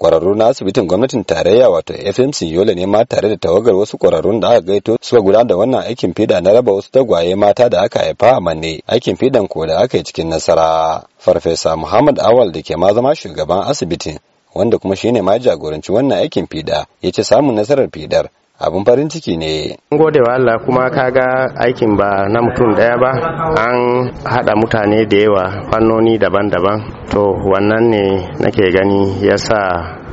kwararru na asibitin gwamnatin tarayya wato fmc yola ne ma tare da tawagar wasu kwararrun da aka gaito suka gudanar da wannan aikin fida na raba wasu tagwaye mata da aka haifa a manne aikin fidan ko da aka yi cikin nasara farfesa muhammad awal da ke ma zama shugaban asibitin wanda kuma shine ma jagoranci wannan aikin fida ya ce samun nasarar fidar abun farin ciki ne. gode wa Allah kuma kaga aikin ba na mutum daya ba an haɗa mutane da yawa fannoni daban-daban to wannan ne nake gani ya sa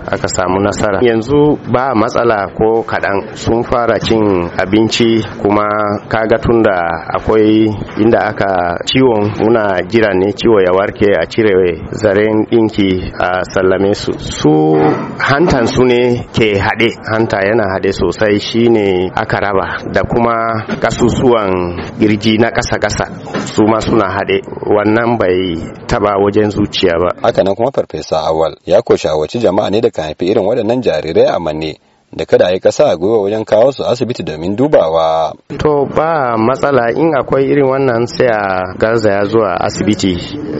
aka samu nasara yanzu ba matsala ko kaɗan sun fara cin abinci kuma kaga tunda akwai inda aka ciwon muna jira ne ciwo ya warke a cire zaren ɗinki a sallame su su hantan su ne ke haɗe hanta yana haɗe sosai yi shine aka raba da kuma kasusuwan girji na kasa-kasa su ma suna haɗe wannan bai taba wajen zuciya ba haka nan kuma farfesa awal ya koshi a wace jama'a ne da kan haifi irin waɗannan jarirai a manne da kada ya ƙasa, a gwiwa wajen kawo su asibiti domin dubawa. To ba matsala in akwai irin wannan sai a garza ya zuwa asibiti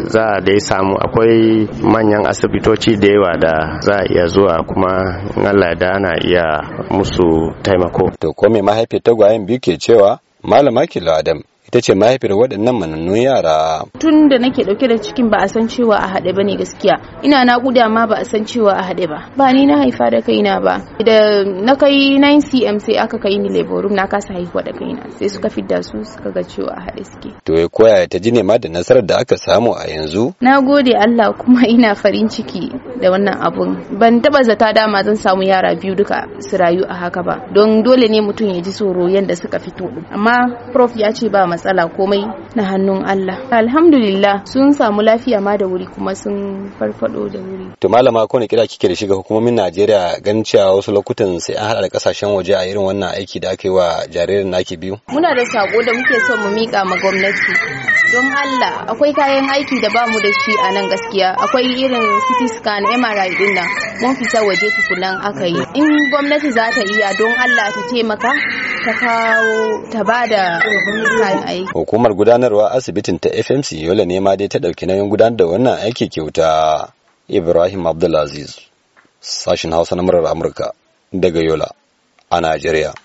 za a dai samu akwai manyan asibitoci da yawa da za a iya zuwa kuma Allah da ana iya musu taimako. To ko mai mahaifiyar tagwayen biyu ke cewa Malama Kilo Adam ita ce mahaifiyar waɗannan manannun yara tun da nake ɗauke da cikin ba a san cewa a haɗe bane gaskiya ina guda ma ba a san cewa a haɗe ba ba ni na haifa da kaina ba da na kai 9 cm sai aka kai ni laborum na kasa haihuwa da kaina sai suka fidda su suka ga cewa a haɗe suke to ya koya ta ji ma da nasarar da aka samu a yanzu na gode Allah kuma ina farin ciki da wannan abun ban taba zata dama zan samu yara biyu duka su rayu a haka ba don dole ne mutum ya ji tsoro yadda suka fito amma prof ya ce ba matsala matsala komai na hannun Allah alhamdulillah sun samu lafiya ma da wuri kuma sun farfado da wuri to malama ko ne kira kike da shiga hukumomin Najeriya ganin cewa wasu lokutan sai an hada da kasashen waje a irin wannan aiki da aka yi wa jaririn naki biyu muna da sako da muke son mu mika ma gwamnati don Allah akwai kayan aiki da bamu da shi a nan gaskiya akwai irin CT scan MRI din nan mun fita waje tukunan aka yi in gwamnati za ta iya don Allah ta taimaka ta kawo ta ba da kayan aiki. Hukumar gudanarwa asibitin ta FMC Yola ne ma dai ta ɗauki nauyin gudanar da wannan aiki kyauta. Ibrahim Abdulaziz, sashin Hausa na murar Amurka daga Yola a Najeriya.